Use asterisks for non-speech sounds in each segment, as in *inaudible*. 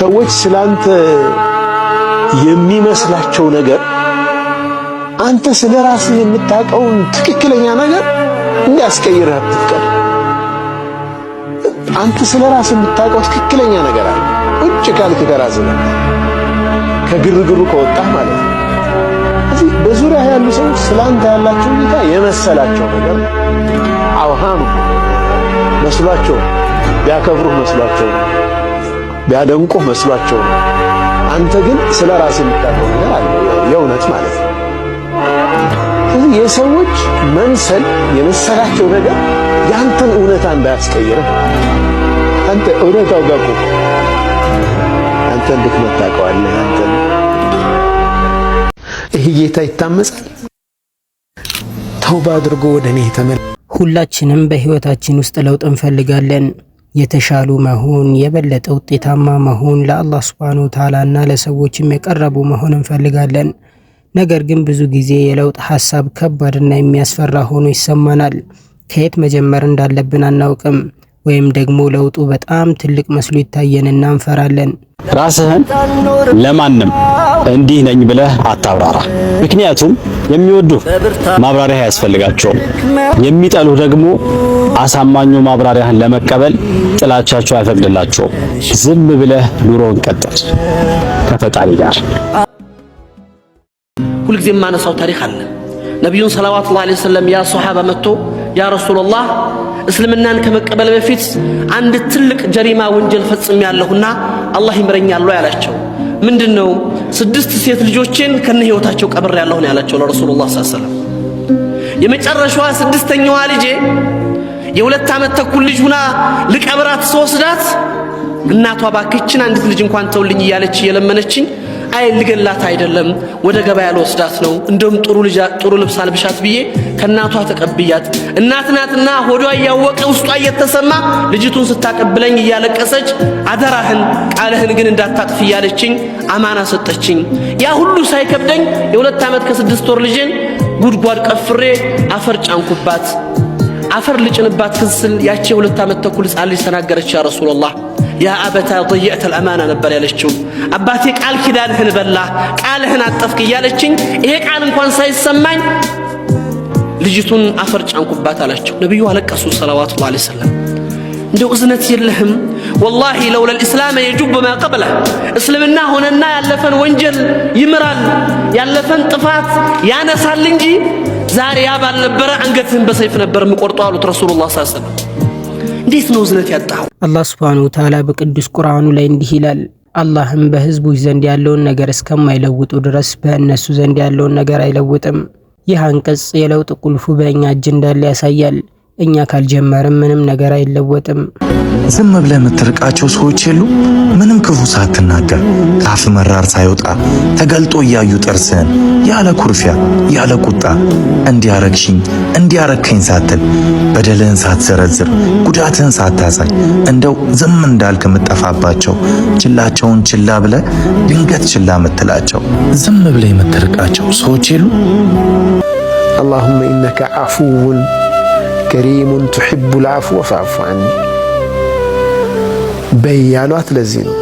ሰዎች ስላንተ የሚመስላቸው ነገር አንተ ስለ ራስህ የምታውቀውን ትክክለኛ ነገር እንዲያስቀይርህ አትፍቀድ። አንተ ስለ ራስህ የምታውቀው ትክክለኛ ነገር አለ። ቁጭ ካልክ ከራስህ ጋር ከግርግሩ ከወጣህ ማለት ነው። እዚህ በዙሪያ ያሉ ሰዎች ስላንተ ያላቸው ሁኔታ የመሰላቸው ነገር አውሃም መስሏቸው ቢያከብሩህ መስሏቸው ቢያደንቁህ መስሏቸው ነው። አንተ ግን ስለ ራስህ የምታውቀው ነገር አለ፣ የእውነት ማለት ነው። ስለዚህ የሰዎች መምሰል የመሰላቸው ነገር ያንተን እውነታ እንዳያስቀይርህ፣ አንተ እውነታው ጋር ቁም። አንተን ድክመት ታውቀዋለህ። አንተ ይህ ጌታ ይታመጻል። ተውባ አድርጎ ወደ እኔ ተመለስ። ሁላችንም በህይወታችን ውስጥ ለውጥ እንፈልጋለን። የተሻሉ መሆን የበለጠ ውጤታማ መሆን ለአላህ ስብሐነ እና ለሰዎችም የቀረቡ መሆን እንፈልጋለን። ነገር ግን ብዙ ጊዜ የለውጥ ሀሳብ ከባድና የሚያስፈራ ሆኖ ይሰማናል። ከየት መጀመር እንዳለብን አናውቅም። ወይም ደግሞ ለውጡ በጣም ትልቅ መስሎ ይታየንና እንፈራለን። ራስህን ለማንም እንዲህ ነኝ ብለህ አታብራራ። ምክንያቱም የሚወዱ ማብራሪያ አያስፈልጋቸውም፣ የሚጠሉ ደግሞ አሳማኙ ማብራሪያን ለመቀበል ጥላቻቸው አይፈቅድላቸውም። ዝም ብለህ ኑሮን ቀጥል ከፈጣሪ ጋር። ሁልጊዜ የማነሳው ታሪክ አለ። ነቢዩን ሰለላሁ ዐለይሂ ወሰለም ያ ሶሐባ መጥቶ ያ ረሱላህ እስልምናን ከመቀበል በፊት አንድ ትልቅ ጀሪማ ወንጀል ያለሁና አላህ ይምረኛል ያላቸው ምንድን ነው? ስድስት ሴት ልጆችን ከነ ህይወታቸው ያለሁ ነው ያላቸው ለረሱሉላህ ሰለላሁ ዐለይሂ ወሰለም። የመጨረሻዋ ስድስተኛዋ ልጄ የሁለት ዓመት ተኩል ልጅ ሁና ልቀብራት ስወስዳት እናቷ ባክችን አንዲት ልጅ እንኳን ተውልኝ እያለች እየለመነችኝ አይ ልገላት አይደለም ወደ ገበያ ልወስዳት ነው፣ እንደውም ጥሩ ልጅ ጥሩ ልብስ አልብሻት ብዬ ከእናቷ ተቀብያት፣ እናት ናትና ሆዷ እያወቀ ውስጧ እየተሰማ ልጅቱን ስታቀብለኝ እያለቀሰች አደራህን ቃልህን ግን እንዳታጥፍ እያለችኝ አማና ሰጠችኝ። ያ ሁሉ ሳይከብደኝ የሁለት ዓመት ከስድስት ወር ልጅን ጉድጓድ ቀፍሬ አፈር ጫንኩባት። አፈር ልጭንባት ክስል ያቺ የሁለት ዓመት ተኩል ሕፃን ልጅ ተናገረች፣ ያ ረሱላላህ ያ አበታ ضيዕተ አልአማና ነበር ያለችው። አባቴ ቃል ኪዳንህን በላ፣ ቃልህን አጠፍክ እያለችኝ ይሄ ቃል እንኳን ሳይሰማኝ ልጅቱን አፈር ጫንኩባት አላቸው። ነቢዩ አለቀሱ ሰለዋቱላሂ ዐለይሂ ወሰለም። እንደው እዝነት የለህም ወላሂ ለውለል ኢስላም የጁብ ማ ቀብለ እስልምና ሆነና ያለፈን ወንጀል ይምራል ያለፈን ጥፋት ያነሳል እንጂ ዛሬ ያ ባልነበረ አንገትህን በሰይፍ ነበር ምቆርጠው አሉት ረሱሉላህ ሰለላሁ ዐለይሂ ወሰለም። እንዴት ነው እዝነት ያጣው? አላህ ስብሐነሁ ወተዓላ በቅዱስ ቁርአኑ ላይ እንዲህ ይላል አላህም በህዝቦች ዘንድ ያለውን ነገር እስከማይለውጡ ድረስ በእነሱ ዘንድ ያለውን ነገር አይለውጥም። ይህ አንቀጽ የለውጥ ቁልፉ በእኛ እጅ እንዳለ ያሳያል። እኛ ካልጀመርም ምንም ነገር አይለወጥም። ዝም ብለህ የምትርቃቸው ሰዎች የሉ ምንም ክፉ ሳትናገር ካፍ መራር ሳይወጣ ተገልጦ እያዩ ጥርስህን ያለ ኩርፊያ ያለ ቁጣ እንዲያረግሽኝ እንዲያረከኝ ሳትል በደልህን ሳትዘረዝር ጉዳትህን ሳታሳይ እንደው ዝም እንዳልክ የምጠፋባቸው ችላቸውን ችላ ብለ ድንገት ችላ የምትላቸው ዝም ብለህ የምትርቃቸው ሰዎች የሉ አላሁመ ኢነከ አፉውን ከሪሙን ቱሒቡ ልዓፍወ ፈዕፉ ዐኒ በያሏት። ለዚህ ነው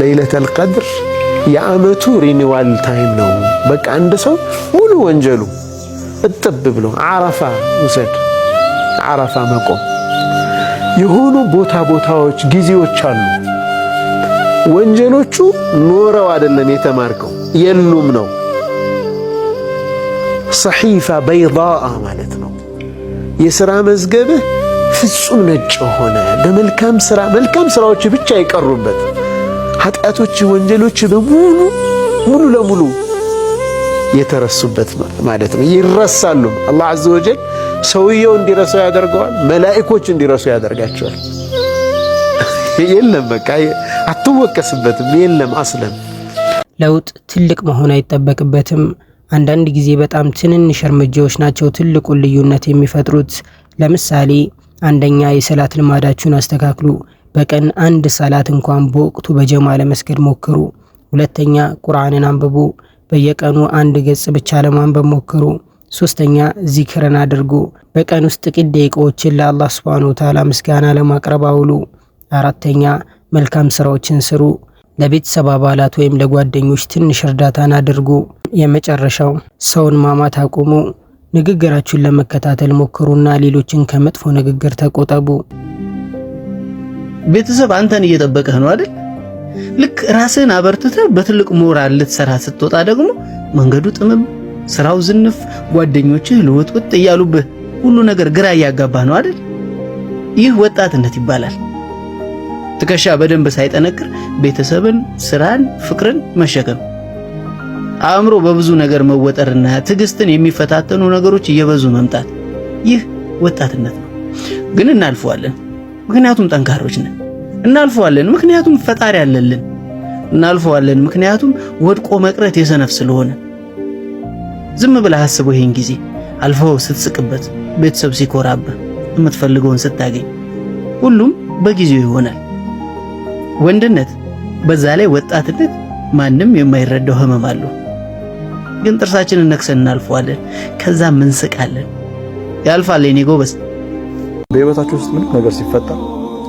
ለይለተል ቀድር የአመቱ ሪኒዋል ታይም ነው። በቃ አንድ ሰው ሙሉ ወንጀሉ እጥብ ብሎ ዓረፋ ውሰድ፣ ዓረፋ መቆም። የሆኑ ቦታ ቦታዎች ጊዜዎች አሉ። ወንጀሎቹ ኖረው አይደለም የተማርከው የሉም ነው ሰሒፋ በይዳአ ማለት ነው። የሥራ መዝገብህ ፍጹም ነጭ የሆነ በመልካም ሥራ መልካም ሥራዎች ብቻ የቀሩበት ኃጢአቶች፣ ወንጀሎች በሙሉ ሙሉ ለሙሉ የተረሱበት ማለት ነው። ይረሳሉ። አላህ ዐዘ ወጀል ሰውየው እንዲረሳው ያደርገዋል። መላኢኮች እንዲረሱ ያደርጋቸዋል። *laughs* የለም በቃ አትወቀስበትም። የለም አስለም ለውጥ ትልቅ መሆን አይጠበቅበትም። አንዳንድ ጊዜ በጣም ትንንሽ እርምጃዎች ናቸው ትልቁን ልዩነት የሚፈጥሩት። ለምሳሌ አንደኛ፣ የሰላት ልማዳችሁን አስተካክሉ። በቀን አንድ ሰላት እንኳን በወቅቱ በጀማ ለመስገድ ሞክሩ። ሁለተኛ፣ ቁርአንን አንብቡ። በየቀኑ አንድ ገጽ ብቻ ለማንበብ ሞክሩ። ሶስተኛ፣ ዚክርን አድርጉ። በቀን ውስጥ ጥቂት ደቂቃዎችን ለአላህ ሱብሓነሁ ወተዓላ ምስጋና ለማቅረብ አውሉ። አራተኛ፣ መልካም ስራዎችን ስሩ። ለቤተሰብ አባላት ወይም ለጓደኞች ትንሽ እርዳታን አድርጉ። የመጨረሻው ሰውን ማማት አቁሙ። ንግግራችሁን ለመከታተል ሞክሩና ሌሎችን ከመጥፎ ንግግር ተቆጠቡ። ቤተሰብ አንተን እየጠበቀህ ነው አይደል? ልክ ራስህን አበርትተ በትልቅ ሞራል ልትሰራ ስትወጣ ደግሞ መንገዱ ጥምም፣ ስራው ዝንፍ፣ ጓደኞችህ ልውጥውጥ እያሉብህ ሁሉ ነገር ግራ እያጋባህ ነው አይደል? ይህ ወጣትነት ይባላል። ትከሻ በደንብ ሳይጠነክር ቤተሰብን፣ ስራን፣ ፍቅርን መሸከም አእምሮ በብዙ ነገር መወጠርና ትዕግስትን የሚፈታተኑ ነገሮች እየበዙ መምጣት ይህ ወጣትነት ነው። ግን እናልፈዋለን፣ ምክንያቱም ጠንካሮች ነን። እናልፈዋለን፣ ምክንያቱም ፈጣሪ አለልን። እናልፈዋለን፣ ምክንያቱም ወድቆ መቅረት የሰነፍ ስለሆነ። ዝም ብለህ አስበው ይህን ጊዜ አልፈው ስትስቅበት፣ ቤተሰብ ሲኮራብህ፣ የምትፈልገውን ስታገኝ፣ ሁሉም በጊዜው ይሆናል። ወንድነት በዛ ላይ ወጣትነት ማንም የማይረዳው ህመም አለው። ግን ጥርሳችንን ነክሰን እናልፈዋለን። ከዛ ምን ስቃለን? ያልፋል። የኔ ጎበዝ፣ በህይወታችሁ ውስጥ ምንም ነገር ሲፈጠር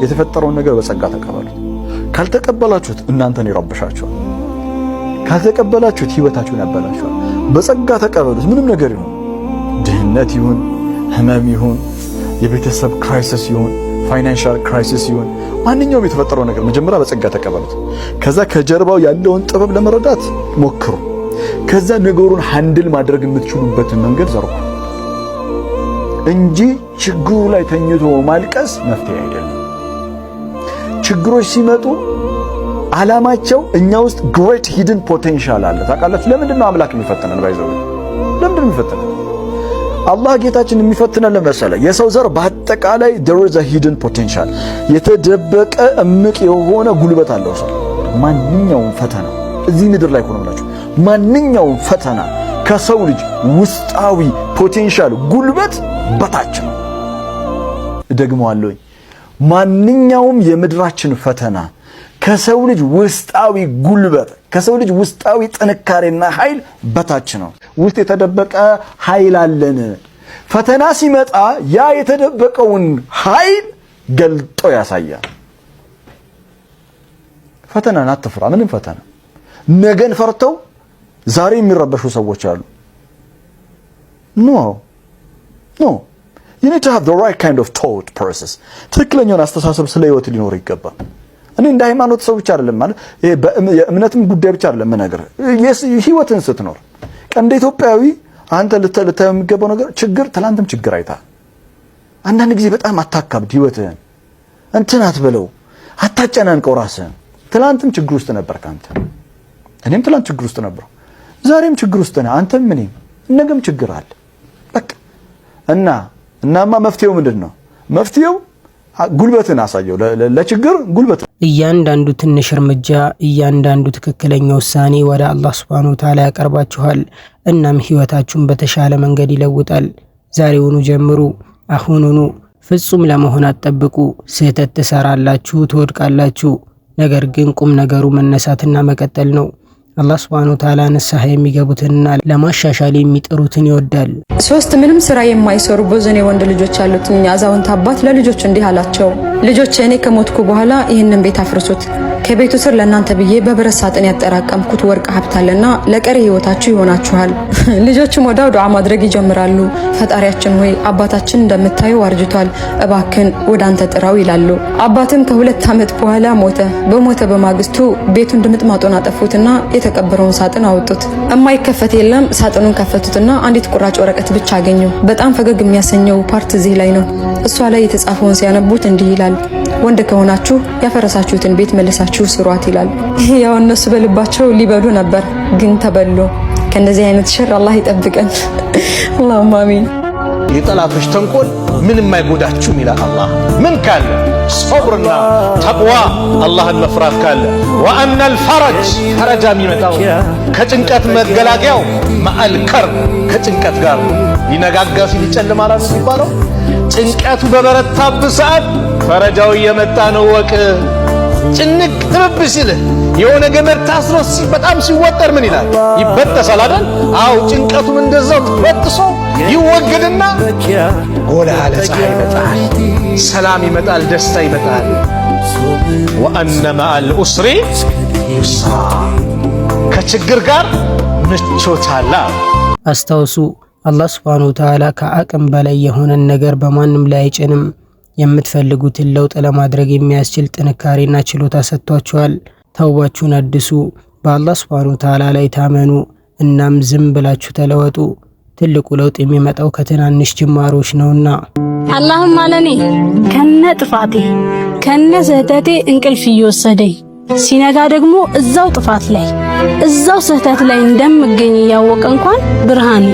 የተፈጠረውን ነገር በጸጋ ተቀበሉት። ካልተቀበላችሁት እናንተን ይረብሻችኋል። ካልተቀበላችሁት ህይወታችሁን ያበላችኋል። በጸጋ ተቀበሉት። ምንም ነገር ይሁን ድህነት ይሁን ህመም ይሁን የቤተሰብ ክራይሲስ ይሁን ፋይናንሻል ክራይሲስ ይሁን ማንኛውም የተፈጠረው ነገር መጀመሪያ በጸጋ ተቀበሉት። ከዛ ከጀርባው ያለውን ጥበብ ለመረዳት ሞክሩ። ከዛ ነገሩን ሃንድል ማድረግ የምትችሉበትን መንገድ ዘርጉ እንጂ ችግሩ ላይ ተኝቶ ማልቀስ መፍትሄ አይደለም። ችግሮች ሲመጡ ዓላማቸው እኛ ውስጥ ግሬት ሂድን ፖቴንሻል አለ። ታውቃላችሁ። ለምንድን ነው አምላክ የሚፈተነን? ባይዘው ለምንድን ነው አላህ ጌታችን የሚፈትነን ለመሰለ የሰው ዘር በአጠቃላይ there is a hidden potential የተደበቀ እምቅ የሆነ ጉልበት አለው። ሰው ማንኛውም ፈተና እዚህ ምድር ላይ ሆኖ ብላችሁ ማንኛውም ፈተና ከሰው ልጅ ውስጣዊ ፖቴንሻል ጉልበት በታች ነው። እደግመዋለሁ። ማንኛውም የምድራችን ፈተና ከሰው ልጅ ውስጣዊ ጉልበት ከሰው ልጅ ውስጣዊ ጥንካሬና ኃይል በታች ነው። ውስጥ የተደበቀ ኃይል አለን። ፈተና ሲመጣ ያ የተደበቀውን ኃይል ገልጦ ያሳያል። ፈተናን አትፍራ። ምንም ፈተና ነገን ፈርተው ዛሬ የሚረበሹ ሰዎች አሉ። ኖ ኖ you need to have the right kind of thought process ትክክለኛውን አስተሳሰብ ስለ ህይወት ሊኖር ይገባል። እኔ እንደ ሃይማኖት ሰው ብቻ አይደለም ማለት የእምነትም ጉዳይ ብቻ አይደለም ነገር ህይወትን ስትኖር ቀንደ ኢትዮጵያዊ አንተ ልታየው የሚገባው ነገር ችግር፣ ትላንትም ችግር አይታ አንዳንድ ጊዜ በጣም አታካብድ ህይወትህን እንትን አትበለው፣ አታጨናንቀው ራስህን። ትላንትም ችግር ውስጥ ነበር ካንተ እኔም ትላንት ችግር ውስጥ ነበር ዛሬም ችግር ውስጥ ነህ አንተም፣ እኔም ነገም ችግር አለ። በቃ እና እናማ መፍትሄው ምንድን ነው መፍትሄው ጉልበትን አሳየው። ለችግር ጉልበት እያንዳንዱ ትንሽ እርምጃ፣ እያንዳንዱ ትክክለኛ ውሳኔ ወደ አላህ ስብሐነ ወተዓላ ያቀርባችኋል። እናም ህይወታችሁን በተሻለ መንገድ ይለውጣል። ዛሬውኑ ጀምሩ፣ አሁኑኑ። ፍጹም ለመሆን አትጠብቁ። ስህተት ትሰራላችሁ፣ ትወድቃላችሁ። ነገር ግን ቁም ነገሩ መነሳትና መቀጠል ነው። አላህ ሱብሃነሁ ወተዓላ ንስሐ የሚገቡትንና ለማሻሻል የሚጥሩትን ይወዳል። ሶስት ምንም ስራ የማይሰሩ ብዙን ወንድ ልጆች ያሉት አዛውንት አባት ለልጆቹ እንዲህ አላቸው፣ ልጆች እኔ ከሞትኩ በኋላ ይህንን ቤት አፍርሱት ከቤቱ ስር ለእናንተ ብዬ በብረት ሳጥን ያጠራቀምኩት ወርቅ ሀብት አለና ለቀሪ ህይወታችሁ ይሆናችኋል። *laughs* ልጆችም ወዳው ዱዓ ማድረግ ይጀምራሉ። ፈጣሪያችን ሆይ አባታችን እንደምታዩ አርጅቷል፣ እባክን ወደ አንተ ጥራው ይላሉ። አባትም ከሁለት ዓመት በኋላ ሞተ። በሞተ በማግስቱ ቤቱን ድምጥማጡን አጠፉትና የተቀበረውን ሳጥን አወጡት። እማይከፈት የለም። ሳጥኑን ከፈቱትና አንዲት ቁራጭ ወረቀት ብቻ አገኙ። በጣም ፈገግ የሚያሰኘው ፓርት እዚህ ላይ ነው። እሷ ላይ የተጻፈውን ሲያነቡት እንዲህ ይላል፣ ወንድ ከሆናችሁ ያፈረሳችሁትን ቤት መልሳችሁ በልባችሁ ስሯት ይላል። *laughs* ያው እነሱ በልባቸው ሊበሉ ነበር፣ ግን ተበሉ። ከእንደዚህ አይነት ሸር አላህ ይጠብቀን። *laughs* አላሁም አሚን። የጠላቶች ተንኮል ምንም አይጎዳችሁም ይላል አላህ። ምን ካለ ሶብርና ተቅዋ አላህን መፍራት ካለ ወአና ልፈረጅ ፈረጃ የሚመጣው ከጭንቀት መገላገያው መአልከር ከጭንቀት ጋር ሊነጋጋ ሲል ይጨልማል ሲባለው ጭንቀቱ በበረታብህ ሰዓት ፈረጃው እየመጣ ነው ወቅ ጭንቅ ጥብብ ሲል የሆነ ገመድ ታስሮ በጣም ሲወጠር ምን ይላል? ይበጠሳል አይደል? አው ጭንቀቱም እንደዛው በጥሶ ይወገድና ጎላ አለ ፀሐይ ይመጣል፣ ሰላም ይመጣል፣ ደስታ ይመጣል። ወአነ መዐል ዑስሪ ዩስራ ከችግር ጋር ምቾት አለ። አስታውሱ አላህ ሱብሓነሁ ወተዓላ ከአቅም በላይ የሆነን ነገር በማንም ላይ አይጭንም። የምትፈልጉትን ለውጥ ለማድረግ የሚያስችል ጥንካሬና ችሎታ ሰጥቷችኋል። ተውባችሁን አድሱ፣ በአላህ ሱብሓነሁ ወተዓላ ላይ ታመኑ፣ እናም ዝም ብላችሁ ተለወጡ። ትልቁ ለውጥ የሚመጣው ከትናንሽ ጅማሮች ነውና። አላህም አለኔ ከነ ጥፋቴ ከነ ስህተቴ እንቅልፍ እየወሰደኝ ሲነጋ ደግሞ እዛው ጥፋት ላይ እዛው ስህተት ላይ እንደምገኝ እያወቀ እንኳን ብርሃን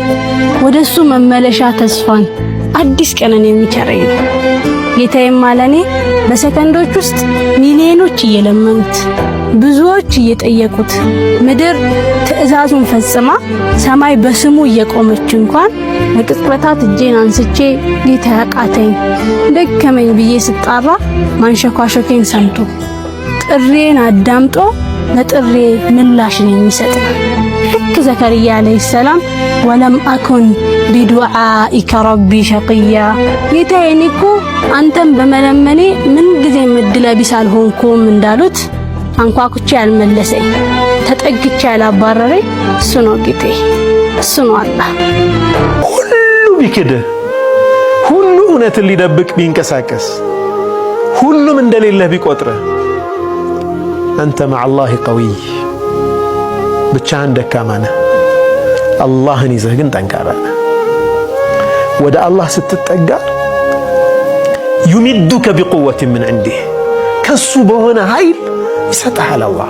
ወደሱ መመለሻ ተስፋን አዲስ ቀንን የሚቸረኝ ነው። ጌታዬም በሰከንዶች ውስጥ ሚሊዮኖች እየለመኑት ብዙዎች እየጠየቁት ምድር ትዕዛዙን ፈጽማ ሰማይ በስሙ እየቆመች እንኳን ለቅጽበታት እጄን አንስቼ ጌታ ያቃተኝ ደከመኝ ብዬ ስጣራ ማንሸኳሸኬን ሰምቶ ጥሬን አዳምጦ ለጥሬ ምላሽን የሚሰጥ ነው። ልክ ዘከርያ ዓለይሂ ሰላም ወለም አኩን ቢዱዓኢከ ረቢ ሸቅያ፣ ጌታዬ እኔ እኮ አንተን በመለመኔ ምንጊዜም ዕድለ ቢስ አልሆንኩም እንዳሉት አንኳኩቼ ያልመለሰኝ ተጠግቼ ያላባረረኝ እሱ ነው ጌጤ፣ እሱ ነው አላህ። ሁሉ ቢክድ ሁሉ እውነትን ሊደብቅ ቢንቀሳቀስ፣ ሁሉም እንደሌለህ ቢቆጥረህ አንተ መዓላሂ ቀዊይ፣ ብቻህን ደካማ ነህ፣ አላህን ይዘህ ግን ጠንካራ ነህ። ወደ አላህ ስትጠጋ ዩሚዱከ ቢቁወትን ምን ዕንዲህ ከሱ በሆነ ኃይል ይሰጠሃል። አላህ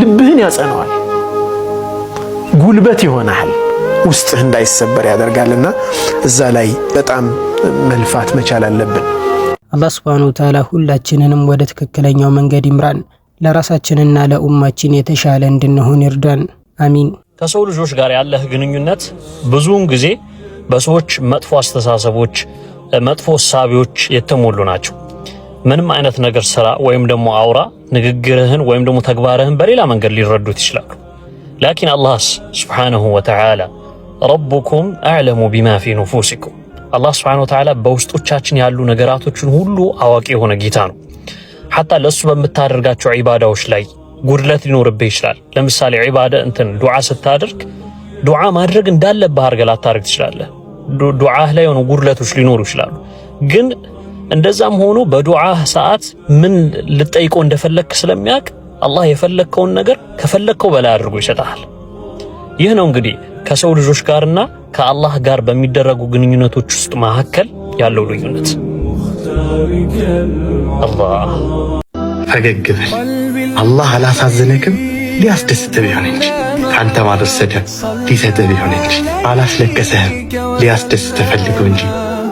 ልብህን ያጸነዋል፣ ጉልበት ይሆናል፣ ውስጥህ እንዳይሰበር ያደርጋልና እዛ ላይ በጣም መልፋት መቻል አለብን። አላህ ስብሓነሁ ወተዓላ ሁላችንንም ወደ ትክክለኛው መንገድ ይምራን። ለራሳችንና ለኡማችን የተሻለ እንድንሆን ይርዳን። አሚን። ከሰው ልጆች ጋር ያለህ ግንኙነት ብዙውን ጊዜ በሰዎች መጥፎ አስተሳሰቦች፣ መጥፎ ሳቢዎች የተሞሉ ናቸው። ምንም አይነት ነገር ስራ ወይም ደግሞ አውራ ንግግርህን ወይም ደግሞ ተግባርህን በሌላ መንገድ ሊረዱት ይችላሉ። ላኪን አላህ ሱብሓነሁ ወተዓላ ረቡኩም አዕለሙ ቢማ ፊ ኑፉሲኩም አላህ ሱብሓነሁ ወተዓላ በውስጦቻችን ያሉ ነገራቶችን ሁሉ አዋቂ የሆነ ጌታ ነው። ሐታ ለእሱ በምታደርጋቸው ዒባዳዎች ላይ ጉድለት ሊኖርብህ ይችላል። ለምሳሌ ዒባዳ እንትን ዱዓ ስታደርግ ዱዓ ማድረግ እንዳለብህ አድርገህ ላታደርግ ትችላለህ። ዱዓህ ላይ የሆኑ ጉድለቶች ሊኖሩ ይችላሉ። ግን እንደዛም ሆኖ በዱዓህ ሰዓት ምን ልጠይቀው እንደፈለግክ ስለሚያውቅ አላህ የፈለግከውን ነገር ከፈለግከው በላይ አድርጎ ይሰጣል። ይህ ነው እንግዲህ ከሰው ልጆች ጋርና ከአላህ ጋር በሚደረጉ ግንኙነቶች ውስጥ መካከል ያለው ልዩነት። ፈገግ በል። አላህ አላሳዘነክም ሊያስደስትህ ቢሆን እንጂ ከአንተ ማልወሰደ ሊሰጥህ ቢሆን እንጂ አላስለቀሰህም ሊያስደስትህ ፈልጎ እንጂ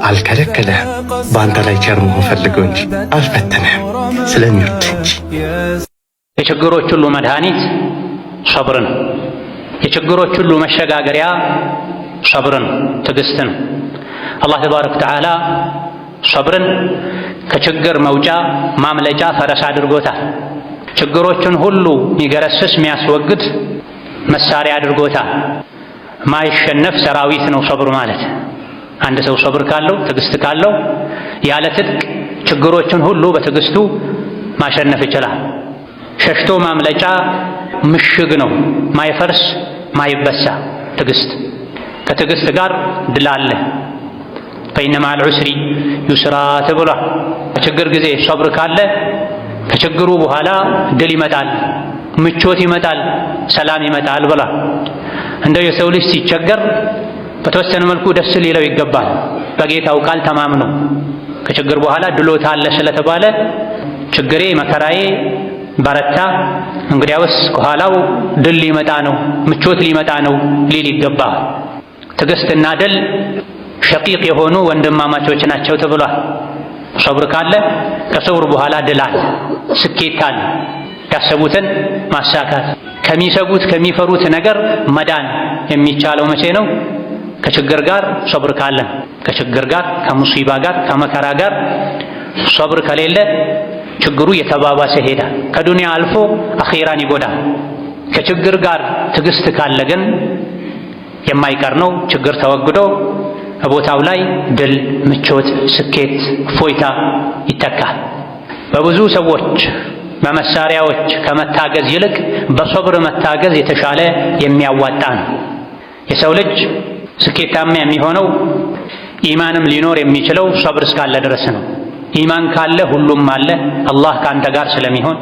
አልከለከለህም በአንተ ላይ ቸር መሆን ፈልጎ እንጂ አልፈተነህም ስለሚወድ እንጂ። የችግሮች ሁሉ መድኃኒት ሰብር ነው። የችግሮች ሁሉ መሸጋገሪያ ሰብር ነው፣ ትዕግስት ነው። አላህ ተባረከ ወተዓላ ሰብርን ከችግር መውጫ ማምለጫ ፈረስ አድርጎታል። ችግሮችን ሁሉ የሚገረስስ የሚያስወግድ መሳሪያ አድርጎታል። ማይሸነፍ ሰራዊት ነው ሰብር ማለት። አንድ ሰው ሰብር ካለው ትዕግስት ካለው ያለ ትጥቅ ችግሮችን ሁሉ በትዕግስቱ ማሸነፍ ይችላል። ሸሽቶ ማምለጫ ምሽግ ነው፣ ማይፈርስ ማይበሳ ትዕግስት። ከትዕግስት ጋር ድል አለ። ፈኢነ መዐል ዑስሪ ዩስራ ተብሏል። በችግር ጊዜ ሶብር ካለ ከችግሩ በኋላ ድል ይመጣል፣ ምቾት ይመጣል፣ ሰላም ይመጣል ብሏል። እንደው የሰው ልጅ ሲቸገር በተወሰነ መልኩ ደስ ሊለው ይገባል። በጌታው ቃል ተማምኖ ከችግር በኋላ ድሎታ አለ ስለተባለ ችግሬ መከራዬ በረታ፣ እንግዲያውስ ከኋላው ድል ሊመጣ ነው፣ ምቾት ሊመጣ ነው ሊል ይገባ። ትዕግስትና ድል ሸቂቅ የሆኑ ወንድማማቾች ናቸው ተብሏል። ሰብር ካለ ከሰብር በኋላ ድላል ስኬታል ያሰቡትን ማሳካት ከሚሰጉት ከሚፈሩት ነገር መዳን የሚቻለው መቼ ነው? ከችግር ጋር ሰብር ካለ ከችግር ጋር ከሙሲባ ጋር ከመከራ ጋር ሰብር ከሌለ ችግሩ የተባባሰ ይሄዳል። ከዱንያ አልፎ አኼራን ይጎዳል። ከችግር ጋር ትዕግስት ካለ ግን የማይቀር ነው። ችግር ተወግዶ ቦታው ላይ ድል፣ ምቾት፣ ስኬት፣ ፎይታ ይተካል። በብዙ ሰዎች በመሳሪያዎች ከመታገዝ ይልቅ በሶብር መታገዝ የተሻለ የሚያዋጣ ነው። የሰው ልጅ ስኬታማ የሚሆነው ኢማንም ሊኖር የሚችለው ሶብር እስካለ ድረስ ነው። ኢማን ካለ ሁሉም አለ፣ አላህ ከአንተ ጋር ስለሚሆን።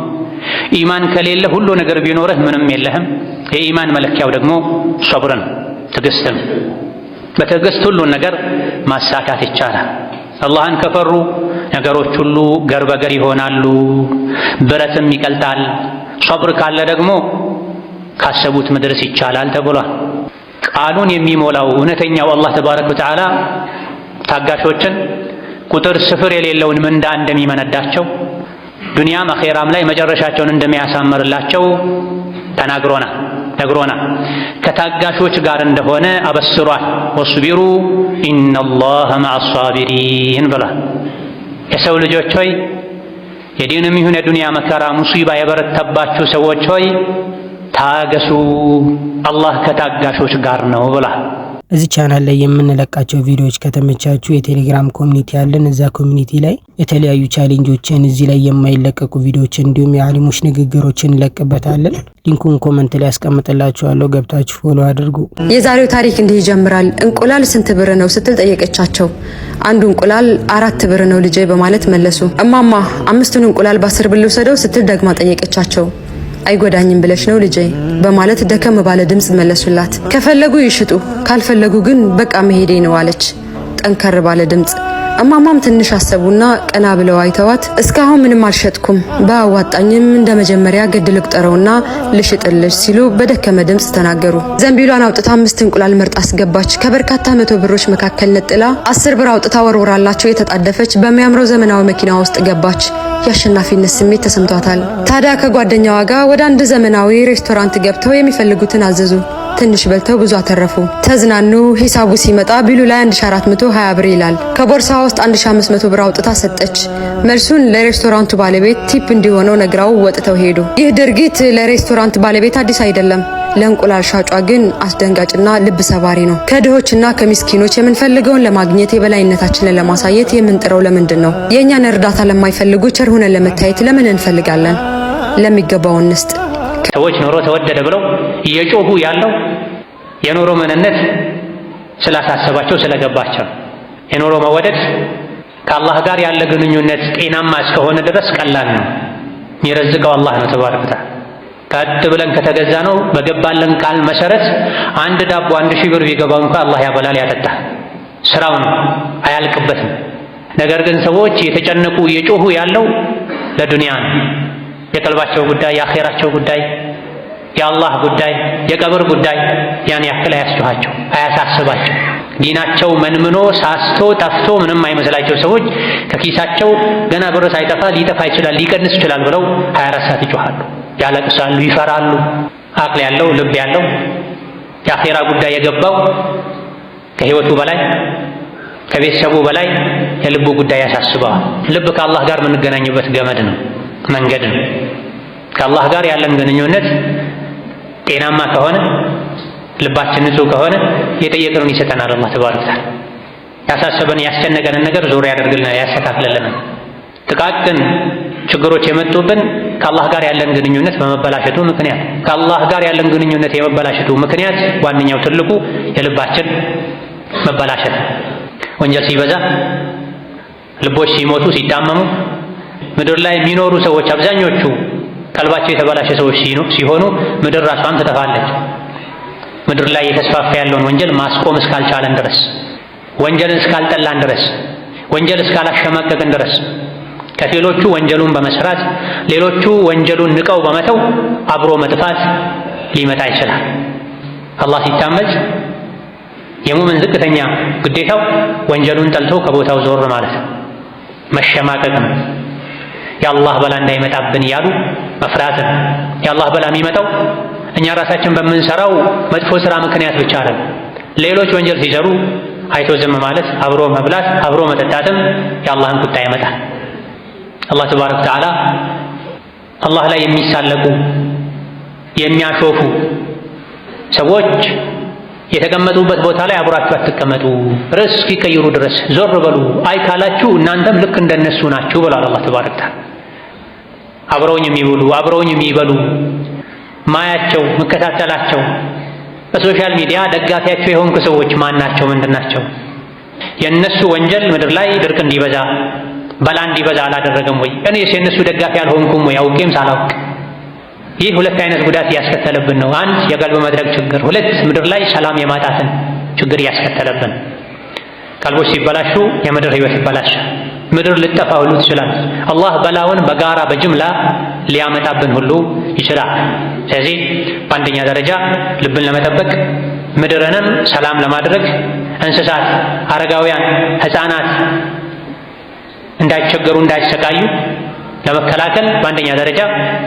ኢማን ከሌለ ሁሉ ነገር ቢኖርህ ምንም የለህም። የኢማን መለኪያው ደግሞ ሶብር ነው፣ ትዕግስት ነው። በትዕግሥት ሁሉን ነገር ማሳካት ይቻላል። አላህን ከፈሩ ነገሮች ሁሉ ገር በገር ይሆናሉ፣ ብረትም ይቀልጣል። ሶብር ካለ ደግሞ ካሰቡት መድረስ ይቻላል ተብሏል። ቃሉን የሚሞላው እውነተኛው አላህ ተባረከ ወተዓላ ታጋሾችን ቁጥር ስፍር የሌለውን ምንዳ እንደሚመነዳቸው ዱንያም አኼራም ላይ መጨረሻቸውን እንደሚያሳምርላቸው ተናግሮናል። ነግሮናል። ከታጋሾች ጋር እንደሆነ አበስሯል። ወስቢሩ ኢነላህ ማአሳቢሪን ብሏል። የሰው ልጆች ሆይ የዲንም ይሁን የዱንያ መከራ ሙሲባ የበረታባችሁ ሰዎች ሆይ ታገሱ፣ አላህ ከታጋሾች ጋር ነው ብሏል። እዚህ ቻናል ላይ የምንለቃቸው ቪዲዮዎች ከተመቻችሁ የቴሌግራም ኮሚኒቲ አለን እዛ ኮሚኒቲ ላይ የተለያዩ ቻሌንጆችን፣ እዚህ ላይ የማይለቀቁ ቪዲዮዎችን እንዲሁም የአሊሞች ንግግሮችን እንለቅበታለን። ሊንኩን ኮመንት ላይ ያስቀምጥላችኋለሁ። ገብታችሁ ፎሎ አድርጉ። የዛሬው ታሪክ እንዲህ ይጀምራል። እንቁላል ስንት ብር ነው ስትል ጠየቀቻቸው። አንዱ እንቁላል አራት ብር ነው ልጄ በማለት መለሱ። እማማ አምስቱን እንቁላል በአስር ብር ልውሰደው ስትል ደግማ ጠየቀቻቸው። አይጎዳኝም ብለሽ ነው ልጄ በማለት ደከም ባለ ድምፅ መለሱላት። ከፈለጉ ይሽጡ፣ ካልፈለጉ ግን በቃ መሄዴ ነው አለች ጠንከር ባለ ድምፅ። እማማም ትንሽ አሰቡና ቀና ብለው አይተዋት እስካሁን ምንም አልሸጥኩም፣ በአዋጣኝም እንደ መጀመሪያ ግድ ልቁጠረውና ልሽጥልሽ ሲሉ በደከመ ድምፅ ተናገሩ። ዘንቢሏን አውጥታ አምስት እንቁላል መርጣ አስገባች። ከበርካታ መቶ ብሮች መካከል ነጥላ አስር ብር አውጥታ ወርውራላቸው የተጣደፈች በሚያምረው ዘመናዊ መኪና ውስጥ ገባች። የአሸናፊነት ስሜት ተሰምቷታል። ታዲያ ከጓደኛዋ ጋር ወደ አንድ ዘመናዊ ሬስቶራንት ገብተው የሚፈልጉትን አዘዙ። ትንሽ በልተው ብዙ አተረፉ፣ ተዝናኑ። ሂሳቡ ሲመጣ ቢሉ ላይ 1420 ብር ይላል። ከቦርሳ ውስጥ 1500 ብር አውጥታ ሰጠች። መልሱን ለሬስቶራንቱ ባለቤት ቲፕ እንዲሆነው ነግራው ወጥተው ሄዱ። ይህ ድርጊት ለሬስቶራንት ባለቤት አዲስ አይደለም። ለእንቁላል ሻጯ ግን አስደንጋጭና ልብ ሰባሪ ነው። ከድሆችና ከሚስኪኖች የምንፈልገውን ለማግኘት የበላይነታችንን ለማሳየት የምንጥረው ለምንድን ነው? የእኛን እርዳታ ለማይፈልጉ ቸር ሆነን ለመታየት ለምን እንፈልጋለን? ለሚገባውን ንስጥ። ሰዎች ኑሮ ተወደደ ብለው እየጮሁ ያለው የኑሮ ምንነት ስላሳሰባቸው ስለገባቸው የኑሮ መወደድ ከአላህ ጋር ያለ ግንኙነት ጤናማ እስከሆነ ድረስ ቀላል ነው። የሚረዝቀው አላህ ነው ተባረከ ቀጥ ብለን ከተገዛ ነው በገባለን ቃል መሰረት አንድ ዳቦ አንድ ሺህ ብር ቢገባው እንኳ አላህ ያበላል ያጠጣ ስራው ነው አያልቅበትም። ነገር ግን ሰዎች የተጨነቁ የጮሁ ያለው ለዱንያ ነው። የቀልባቸው ጉዳይ፣ የአኼራቸው ጉዳይ፣ የአላህ ጉዳይ፣ የቀብር ጉዳይ ያን ያክል አያስችኋቸው፣ አያሳስባቸው። ዲናቸው መንምኖ ሳስቶ ጠፍቶ ምንም አይመስላቸው ሰዎች ከኪሳቸው ገና ብር ሳይጠፋ ሊጠፋ ይችላል ሊቀንስ ይችላል ብለው 24 ሰዓት ይጮሃሉ። ያለቅሳሉ፣ ይፈራሉ። አቅል ያለው ልብ ያለው የአኼራ ጉዳይ የገባው ከህይወቱ በላይ ከቤተሰቡ በላይ የልቡ ጉዳይ ያሳስበዋል። ልብ ከአላህ ጋር የምንገናኝበት ገመድ ነው፣ መንገድ ነው። ከአላህ ጋር ያለን ግንኙነት ጤናማ ከሆነ ልባችን ንጹህ ከሆነ የጠየቅነውን ይሰጠናል። አላህ ተባረከ ያሳሰበን ያስጨነቀንን ነገር ዙሪያ ያደርግልናል፣ ያስተካክልልናል። ጥቃቅን ችግሮች የመጡብን ከአላህ ጋር ያለን ግንኙነት በመበላሸቱ ምክንያት ከአላህ ጋር ያለን ግንኙነት የመበላሸቱ ምክንያት ዋነኛው ትልቁ የልባችን መበላሸት ወንጀል ሲበዛ ልቦች ሲሞቱ ሲታመሙ ምድር ላይ የሚኖሩ ሰዎች አብዛኞቹ ቀልባቸው የተበላሸ ሰዎች ሲሆኑ ምድር ራሷን ትጠፋለች። ምድር ላይ የተስፋፋ ያለውን ወንጀል ማስቆም እስካልቻለን ድረስ፣ ወንጀልን እስካልጠላን ድረስ፣ ወንጀል እስካላሸማቀቅን ድረስ ከፊሎቹ ወንጀሉን በመስራት ሌሎቹ ወንጀሉን ንቀው በመተው አብሮ መጥፋት ሊመጣ ይችላል። አላህ ሲታመጽ የሙምን ዝቅተኛ ግዴታው ወንጀሉን ጠልቶ ከቦታው ዞር ማለት ነው። መሸማቀቅ ነው። የአላህ በላ እንዳይመጣብን እያሉ መፍራት ነው። የአላህ በላ የሚመጣው እኛ ራሳችን በምንሰራው መጥፎ ስራ ምክንያት ብቻ አይደለም። ሌሎች ወንጀል ሲሰሩ አይቶ ዝም ማለት፣ አብሮ መብላት፣ አብሮ መጠጣትም የአላህን ቁጣ ያመጣል። አላህ ተባረከ ወተዓላ አላህ ላይ የሚሳለቁ የሚያሾፉ ሰዎች የተቀመጡበት ቦታ ላይ አብራችሁ አትቀመጡ፣ ርዕስ እስኪቀይሩ ድረስ ዞር በሉ። አይ ካላችሁ እናንተም ልክ እንደነሱ ናችሁ ብሏል አላህ ተባረከ ወተዓላ። አብረውኝ የሚውሉ አብረውኝ የሚበሉ ማያቸው፣ መከታተላቸው በሶሻል ሚዲያ ደጋፊያቸው የሆንኩ ሰዎች ማን ናቸው? ምንድን ናቸው? የእነሱ ወንጀል ምድር ላይ ድርቅ እንዲበዛ በላ እንዲበዛ አላደረገም ወይ? እኔ የእነሱ ደጋፊ አልሆንኩም ወይ? አውቄም ሳላውቅ። ይህ ሁለት አይነት ጉዳት እያስከተለብን ነው። አንድ የቀልብ መድረክ ችግር፣ ሁለት ምድር ላይ ሰላም የማጣትን ችግር እያስከተለብን። ቀልቦች ሲበላሹ የምድር ህይወት ይበላሻል። ምድር ልጠፋ ሁሉ ትችላለች። አላህ በላውን በጋራ በጅምላ ሊያመጣብን ሁሉ ይችላል። ስለዚህ በአንደኛ ደረጃ ልብን ለመጠበቅ ምድርንም ሰላም ለማድረግ እንስሳት፣ አረጋውያን፣ ህፃናት እንዳይቸገሩ እንዳይሰቃዩ ለመከላከል በአንደኛ ደረጃ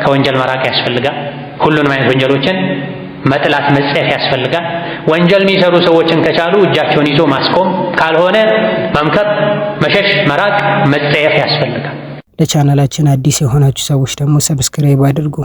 ከወንጀል መራቅ ያስፈልጋል። ሁሉንም አይነት ወንጀሎችን መጥላት መጸየፍ ያስፈልጋል። ወንጀል የሚሰሩ ሰዎችን ከቻሉ እጃቸውን ይዞ ማስቆም፣ ካልሆነ መምከር፣ መሸሽ፣ መራቅ፣ መጸየፍ ያስፈልጋል። ለቻናላችን አዲስ የሆናችሁ ሰዎች ደግሞ ሰብስክራይብ አድርጉ።